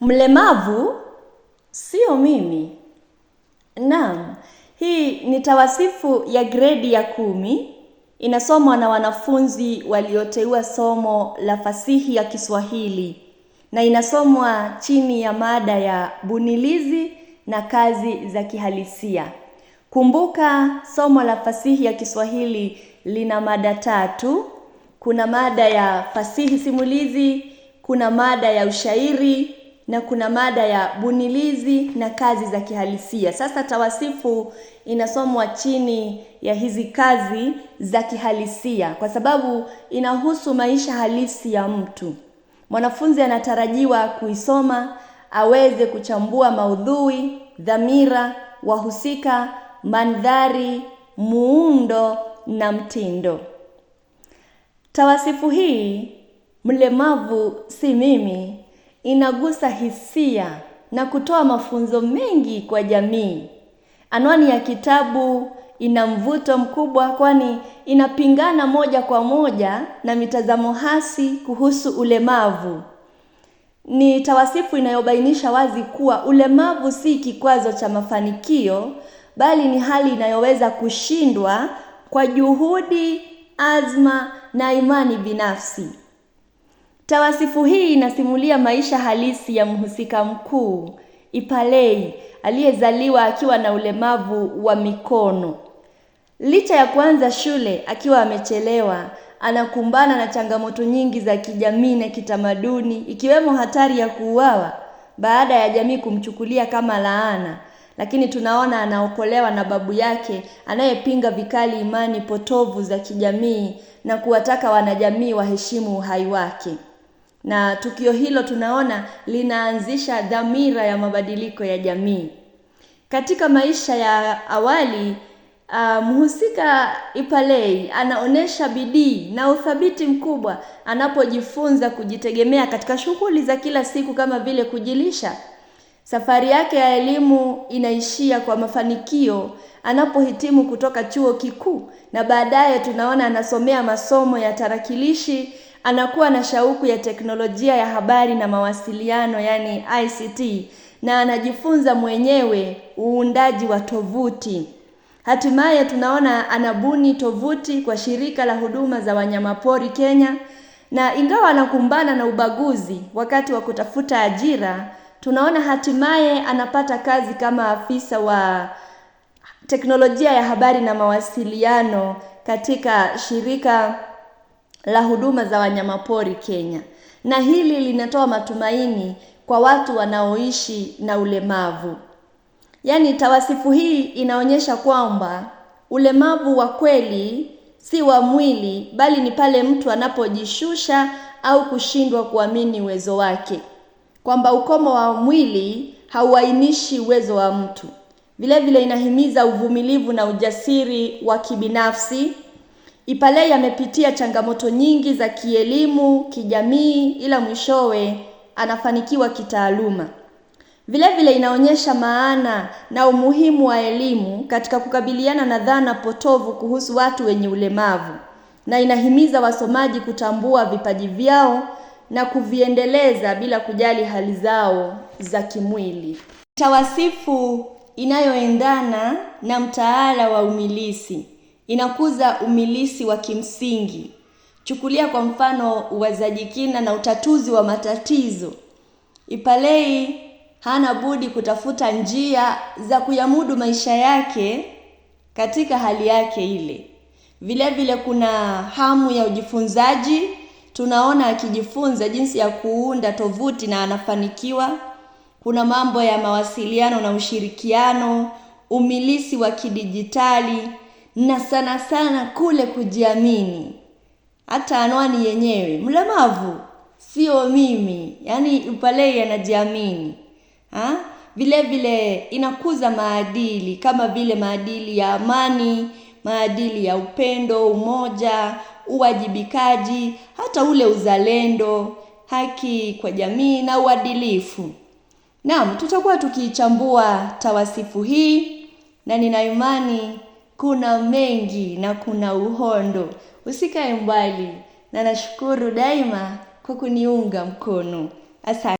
Mlemavu sio mimi. Naam, hii ni tawasifu ya gredi ya kumi, inasomwa na wanafunzi walioteua somo la fasihi ya Kiswahili na inasomwa chini ya mada ya bunilizi na kazi za kihalisia. Kumbuka, somo la fasihi ya Kiswahili lina mada tatu. Kuna mada ya fasihi simulizi, kuna mada ya ushairi na kuna mada ya bunilizi na kazi za kihalisia. Sasa tawasifu inasomwa chini ya hizi kazi za kihalisia kwa sababu inahusu maisha halisi ya mtu. Mwanafunzi anatarajiwa kuisoma, aweze kuchambua maudhui, dhamira, wahusika, mandhari, muundo na mtindo. Tawasifu hii mlemavu si mimi inagusa hisia na kutoa mafunzo mengi kwa jamii. Anwani ya kitabu ina mvuto mkubwa kwani inapingana moja kwa moja na mitazamo hasi kuhusu ulemavu. Ni tawasifu inayobainisha wazi kuwa ulemavu si kikwazo cha mafanikio, bali ni hali inayoweza kushindwa kwa juhudi, azma na imani binafsi. Tawasifu hii inasimulia maisha halisi ya mhusika mkuu Ipalei aliyezaliwa akiwa na ulemavu wa mikono. Licha ya kuanza shule akiwa amechelewa, anakumbana na changamoto nyingi za kijamii na kitamaduni, ikiwemo hatari ya kuuawa baada ya jamii kumchukulia kama laana, lakini tunaona anaokolewa na babu yake anayepinga vikali imani potovu za kijamii na kuwataka wanajamii waheshimu uhai wake na tukio hilo tunaona linaanzisha dhamira ya mabadiliko ya jamii. Katika maisha ya awali uh, mhusika Ipalei anaonyesha bidii na uthabiti mkubwa anapojifunza kujitegemea katika shughuli za kila siku kama vile kujilisha. Safari yake ya elimu inaishia kwa mafanikio anapohitimu kutoka chuo kikuu, na baadaye tunaona anasomea masomo ya tarakilishi anakuwa na shauku ya teknolojia ya habari na mawasiliano yani ICT na anajifunza mwenyewe uundaji wa tovuti. Hatimaye tunaona anabuni tovuti kwa shirika la huduma za wanyamapori Kenya, na ingawa anakumbana na ubaguzi wakati wa kutafuta ajira, tunaona hatimaye anapata kazi kama afisa wa teknolojia ya habari na mawasiliano katika shirika la huduma za wanyamapori Kenya, na hili linatoa matumaini kwa watu wanaoishi na ulemavu. Yaani, tawasifu hii inaonyesha kwamba ulemavu wa kweli si wa mwili, bali ni pale mtu anapojishusha au kushindwa kuamini uwezo wake, kwamba ukomo wa mwili hauainishi uwezo wa mtu. Vilevile inahimiza uvumilivu na ujasiri wa kibinafsi Ipalei amepitia changamoto nyingi za kielimu, kijamii, ila mwishowe anafanikiwa kitaaluma. Vilevile vile inaonyesha maana na umuhimu wa elimu katika kukabiliana na dhana potovu kuhusu watu wenye ulemavu na inahimiza wasomaji kutambua vipaji vyao na kuviendeleza bila kujali hali zao za kimwili. Tawasifu inayoendana na mtaala wa umilisi inakuza umilisi wa kimsingi. Chukulia kwa mfano uwazaji kina na utatuzi wa matatizo. Ipalei hana budi kutafuta njia za kuyamudu maisha yake katika hali yake ile. Vile vile kuna hamu ya ujifunzaji, tunaona akijifunza jinsi ya kuunda tovuti na anafanikiwa. Kuna mambo ya mawasiliano na ushirikiano, umilisi wa kidijitali na sana sana kule kujiamini. Hata anwani yenyewe mlemavu sio mimi, yaani Upalei anajiamini ha? Vile vile inakuza maadili kama vile maadili ya amani, maadili ya upendo, umoja, uwajibikaji, hata ule uzalendo, haki kwa jamii na uadilifu. Naam, tutakuwa tukiichambua tawasifu hii na nina imani kuna mengi na kuna uhondo. Usikae mbali, na nashukuru daima kwa kuniunga mkono. Asante.